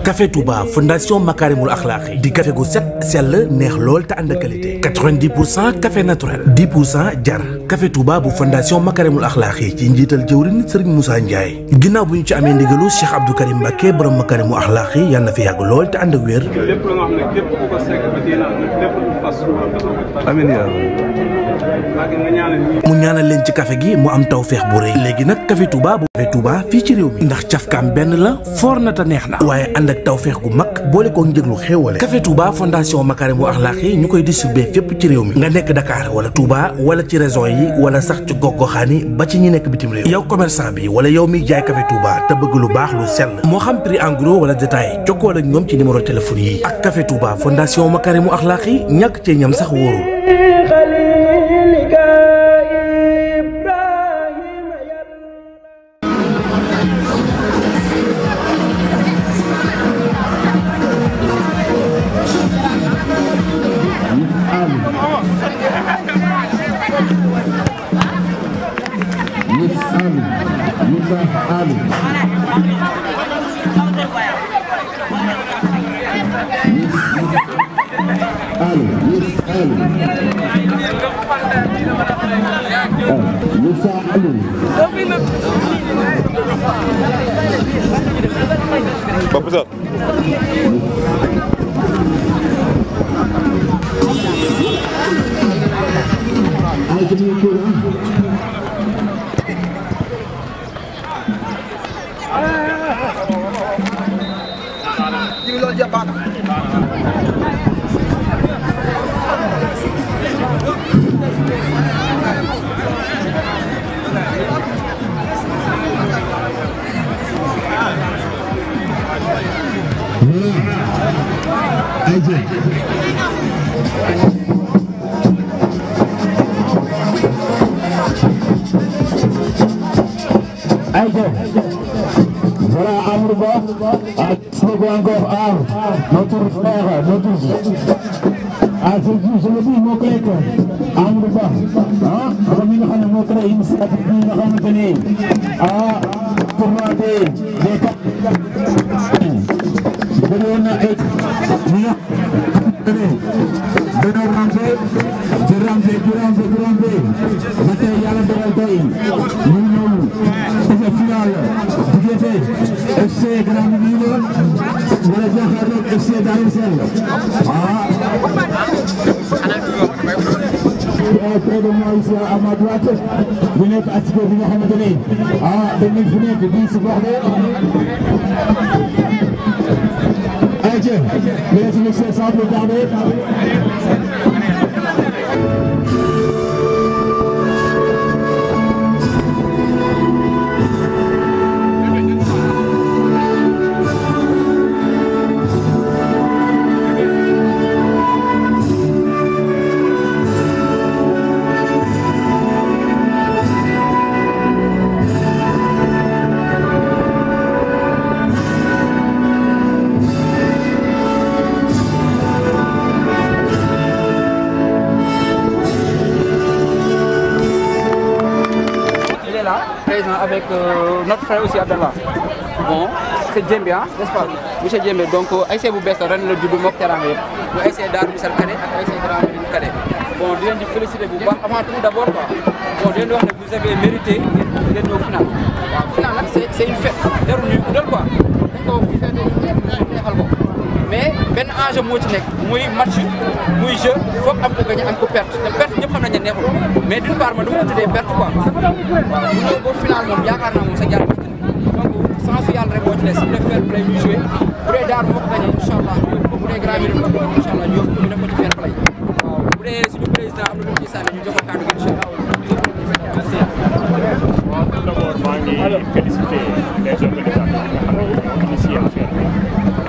Café Touba fondation Makarimul Akhlaqi di café gu set sell neex lool te ànd ak qualité 90 pour cent café naturel jar Café Touba bu fondation Makarimul Akhlaqi ci njiital jëwriñ Serigne Moussa Ndiaye ginnaw bu ñu ci amee ndigalu Cheikh Abdou Karim Mbacké borom Makarimul Akhlaqi yàlla fi yàgg lool te ànd ak mu ñaanal leen ci kafe gi mu am tawféex bu rëy léegi nag café Touba bu café Touba fii ci réew mi ndax cafkaam benn la foor na te neex na waaye ànd ak tawféex gu mag boole ko njëglu xéewale café Touba fondation Makarimu Axlaaxi ñu koy distribuer fépp ci réew mi nga nekk Dakar wala Touba wala ci région yi wala sax ci gox-goxaan yi ba ci ñi nekk bitim réew yow commerçant bi wala yow miy jaay café Touba te bëgg lu baax lu sell moo xam prix en wala détail jokkoo ak ñoom ci numéro téléphone yi ak café Touba fondation Makarimu Axlaaxi ñàkk cee ñam sax wóorul Vamos gente. Voilà Amrouba, Ségoangor Ar, notre frère, notre Azizou, je le dis, mon collègue, Amrouba, hein, Rami Nahana, mon collègue, il me s'est appelé, ah, pour moi, des, des, bëggoon na ay ñi nga xam ne dañoo rampe di rampe di rampe di rampe ba tey yàlla dogal tey ñu ñëw dafa final diggante FC Grand Médine wala jàkkaarloog FC Darou Sène ah. près de moi ici à ma droite ñu nekk askan bi nga xamante ne ah dañ leen fi nekk di supporter ayca mais suñu seet sàmm notre a aussi Abdallah bon c' est Djembe ah n'est-ce pas monsieur Djembe donc euh, bu bees la ren la judd mook teraanga yëpp bu ASC Darou Missal Kane ak ASC Grand Médine Kane bon di leen di féliciter bu baax avant tout d' abord quoi bon di leen di wax ne vous avez mérité ngeen ñëw final waaw final nag c' est une fête ko fi benn enjeu moo ci nekk muy match muy jeu foog am ko gagné am ko perte te perte xam nañ ne neexul mais d'une part man dama ko tuddee perte quoi waaw bu ñëw ba moom yaakaar naa moom sa jaar perte donc sans yàlla rek moo ci des su dee fair play ñuy joué bu dee daar moo ko gagné incha allah ci fair play waaw président am na jox ko gi incha allah. waaw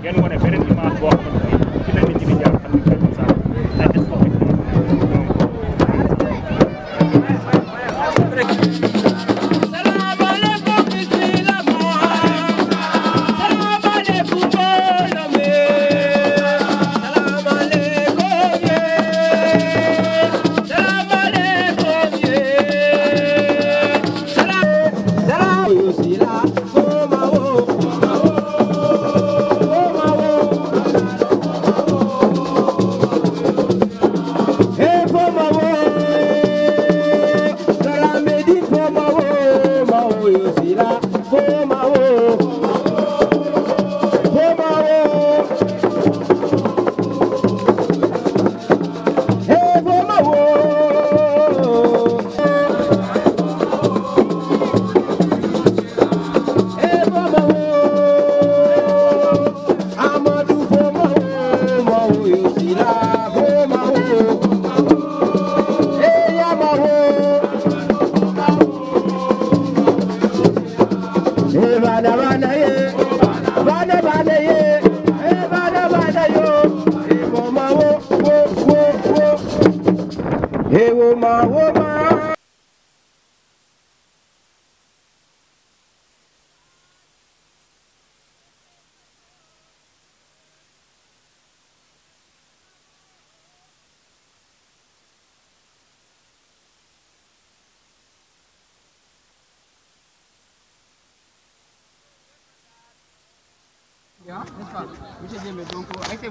ngeen wane beneen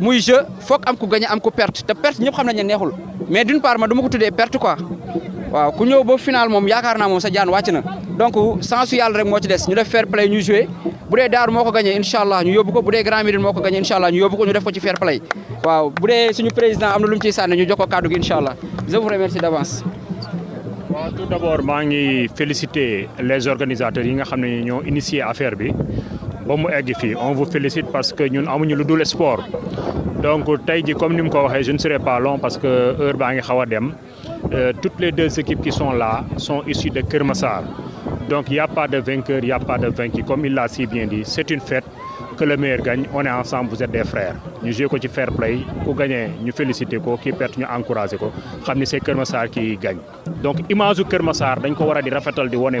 muy jeu foog am ko gagner am ko perte te perte xam nañ neexul mais d'une part ma du ko perte quoi waaw ku final donc sans rek ci des ñu def fair play ñu jouer, bu pouvez Daaru moo ko ñu ko bu Grand midi moko gagné fair play waaw bu président amna lu mu avons ñu joko je vous remercie d'avance. tout d'abord féliciter les organisateurs qui ont initié l'affaire on vous félicite parce que nous avons lu le sport donc comme ni ko je ne serai pas long parce que heure est euh, toutes les deux équipes qui sont là sont issues de Kermassar. donc il n'y a pas de vainqueur il n'y a pas de vaincu comme il l'a si bien dit c'est une fête que le meilleur gagne on est ensemble vous êtes des frères Nous jouons ko ci fair play On gagner, ñu féliciter, ko ki nous ñu c'est Kermassar qui gagne donc l'image de Kermassar, on dañ ko que a di rafetal di wone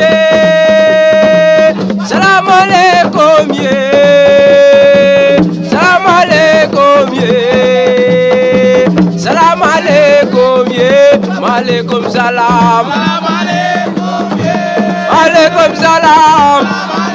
ye salamu aleykum ye salamu aleykum ye salamu aleykum ye maaleykum salam maaleykum salam.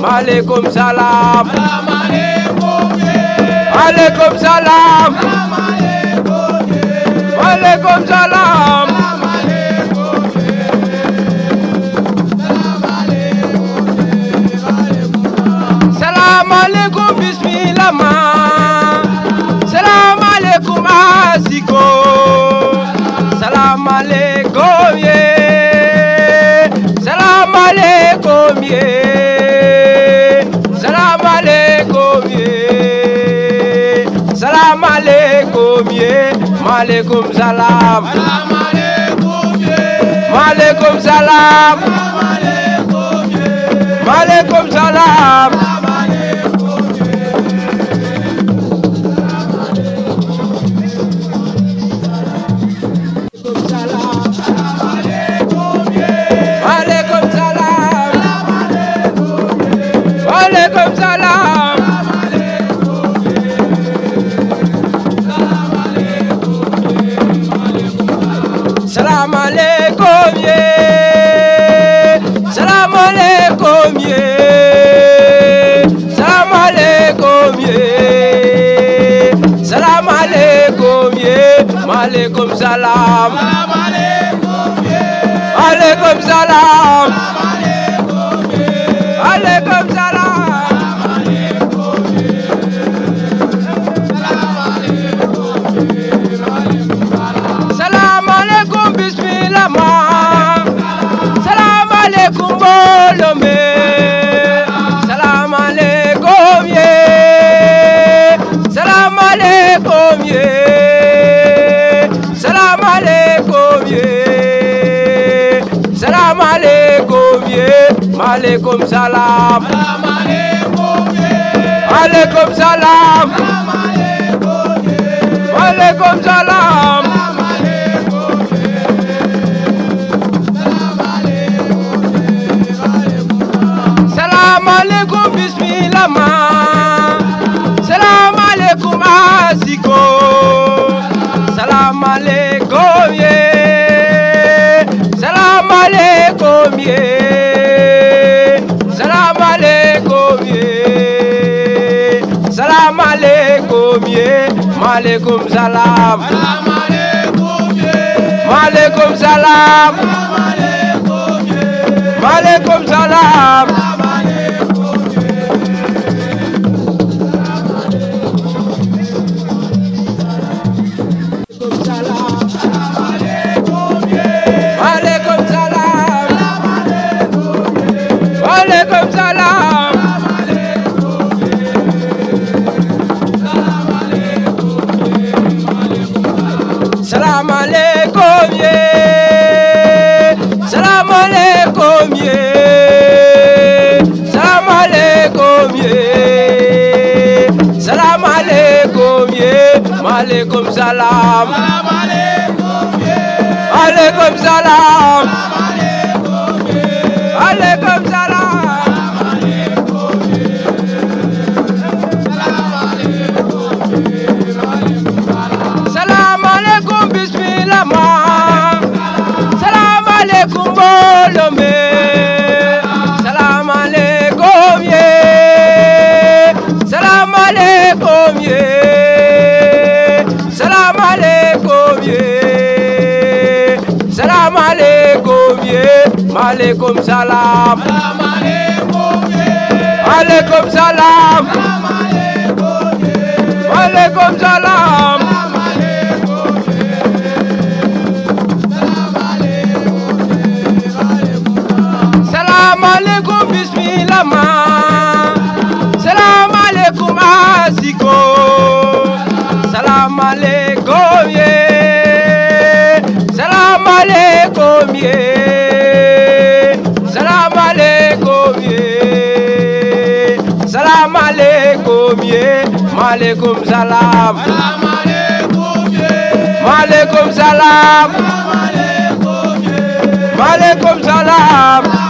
Malekum salam. Malekum salam. Malekum salam. Salam alaikum bismillah. Salam alaikum asiko. maaleykum salaam. maaleykum salaam. maaleykum salaam. ሰላም አለይኩም ሰላም ça salam. malé salam. salam. Salam la Salam Salam Salam maaleykum salaam. maaleykum salaam. maaleykum salaam. ye salamu alaikum ye salamu alaikum salam. alaikum ye alaikum salam alaikum salam alaikum salam salam alaikum bismillah maaleykum salaam. maaleykum salaam. maaleykum salaam.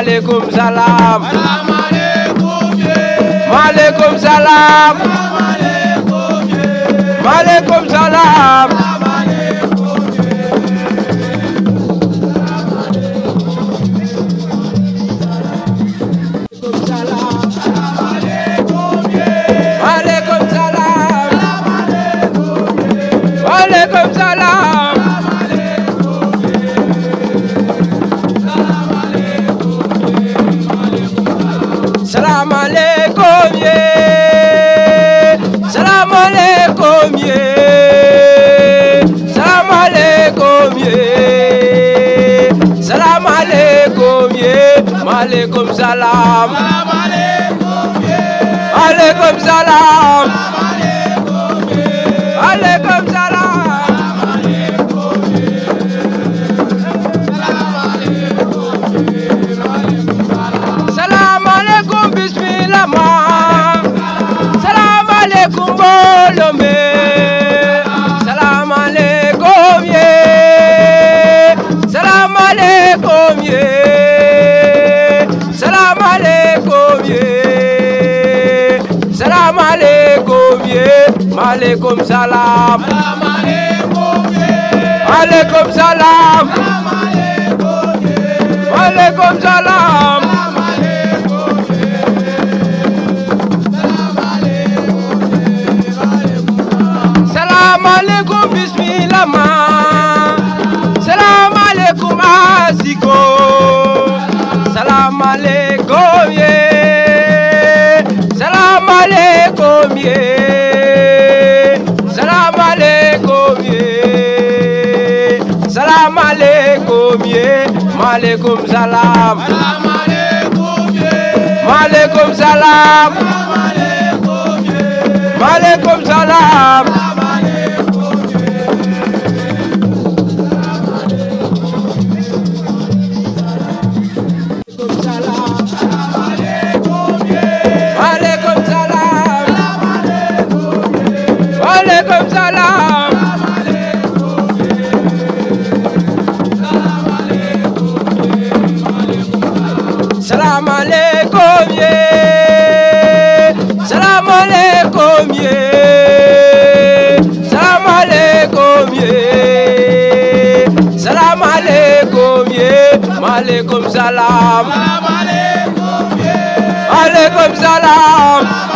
Malekoum salam Malekoum salam Malekoum salam Alekom salam Alekom salam alaikum comme ça salam. comme salam. salam. Salam bismillah. Malekum salam. Malekum salam. Malekum salam. salam. Alaikum salam.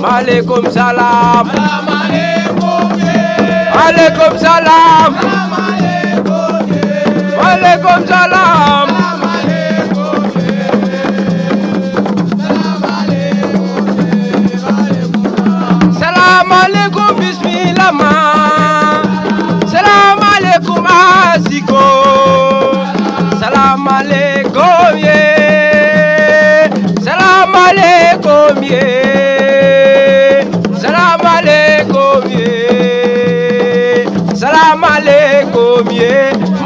Malekum salam. Malekum salam. Malekum salam. Salam alaikum bismillah ma. Salam alaikum asiko. Salam alaikum ye. Salam alaikum ye.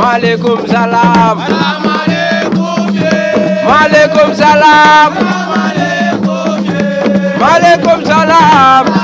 Malikum salaam. Malikum salaam. Malikum salaam.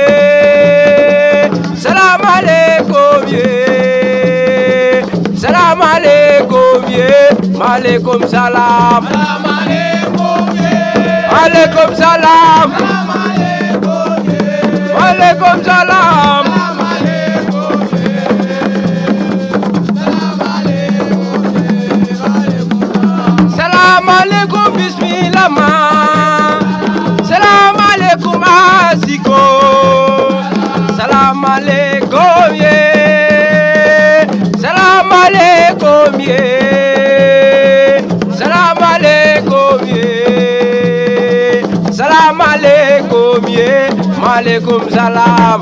Alekom salam Alekom salam Alekom salam Salam alekom bismi laman maaleykum salaam.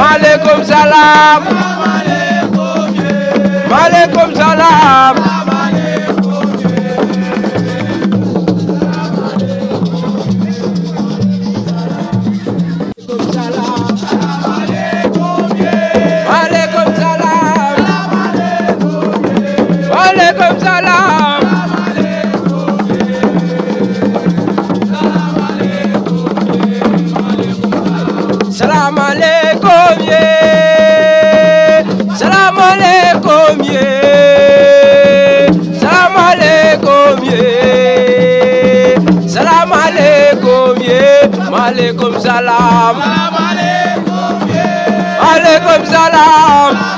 maaleykum salaam. maaleykum salaam. salam. Alaikum salam.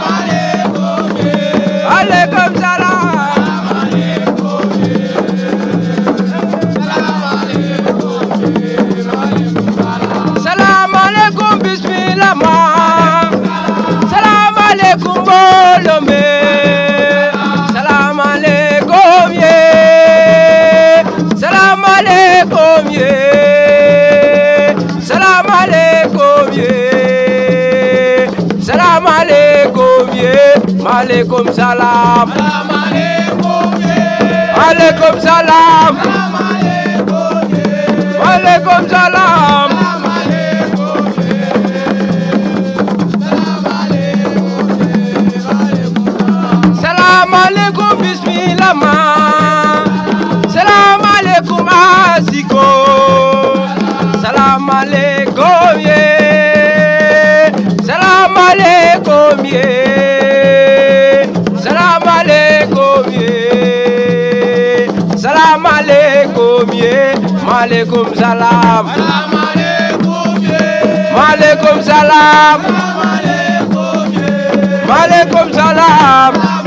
alaikum salam alaikum salam alaikum salam salam alaikum bismillah ma salam alaikum asiko salam alaikum ye salam alaikum ye maaleykum salaam. maaleykum salaam. maaleykum salaam.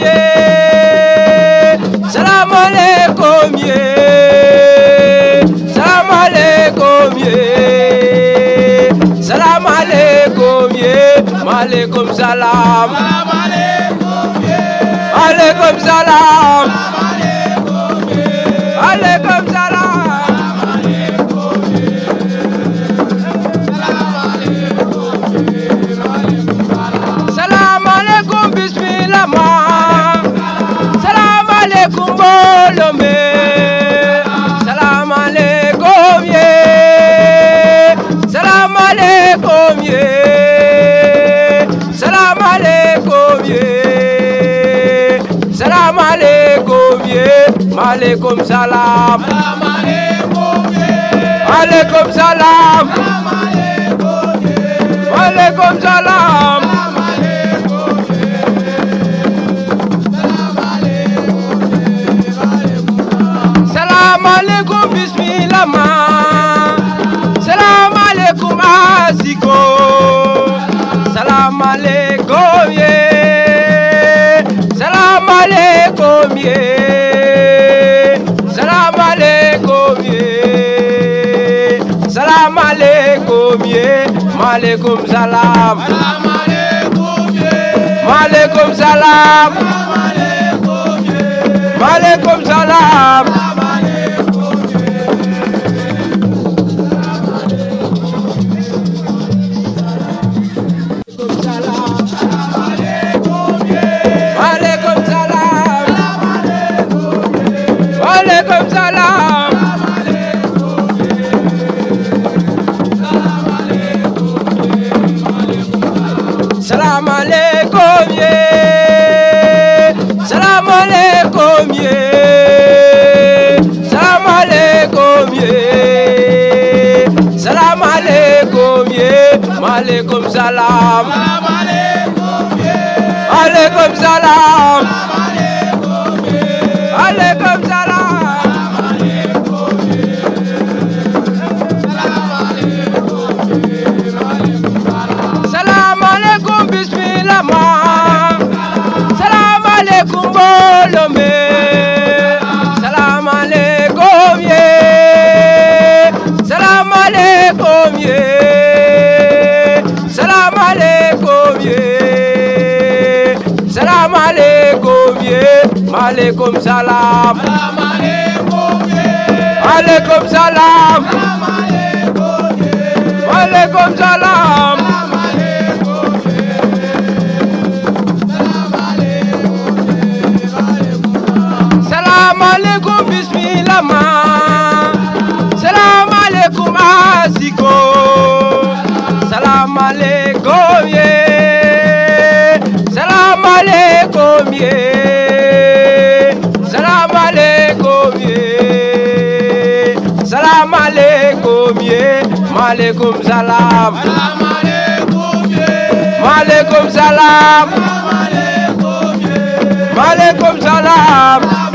komie salam alaikum ye salam alaikum ye salam alaikum ye maalaikum salam alaikum salam alaikum ye salam aleikum. ye salam aleikum. ye maaleykum Aleikum salam. Malekoum salam Malekoum salam Malekoum salam salam. Alaikum salam. alaikum salam. Alaikum salam. Alaikum salam. maaleykum salaam. maaleykum salaam. maaleykum salaam.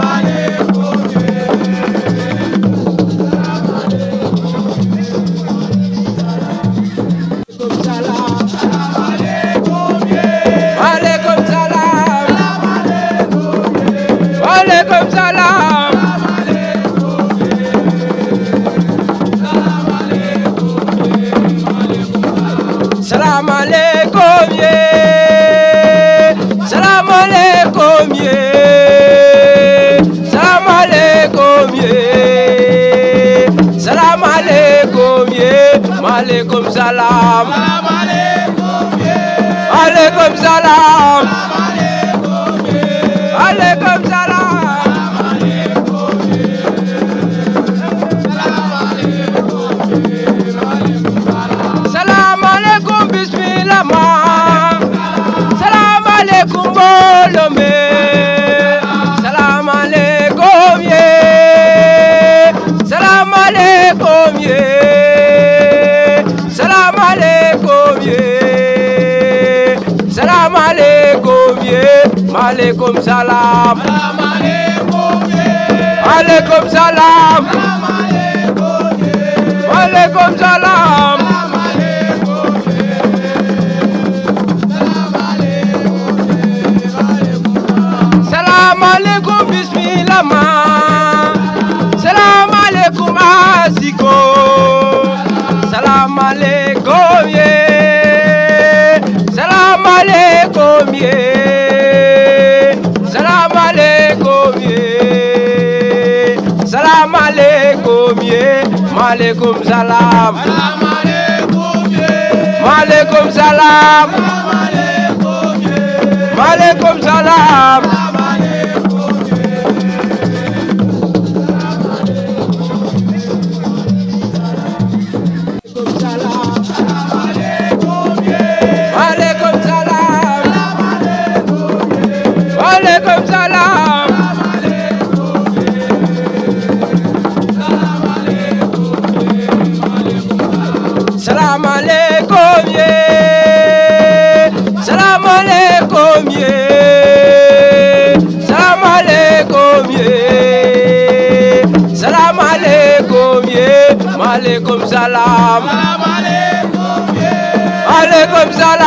aleykum salaam. aleykum salaam. Malekum salam. Malekum salam. Malekum salam. Salam alaikum bismillah. maaleykum salaam. maaleykum salaam. maaleykum salaam. salaam. maaleykum salaam.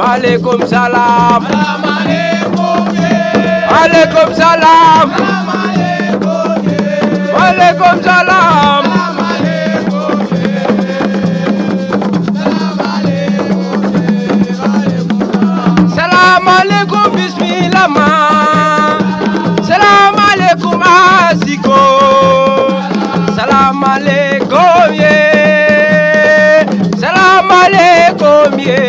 salam. salaam. Salam alaykum salam. Salam salaamaaleykum bismillah ma salaamaaleykum asiko salaamaaleykum ye salaamaaleykum ye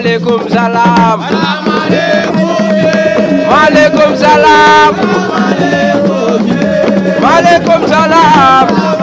Malekoum salam Malekoum salam Malekoum salam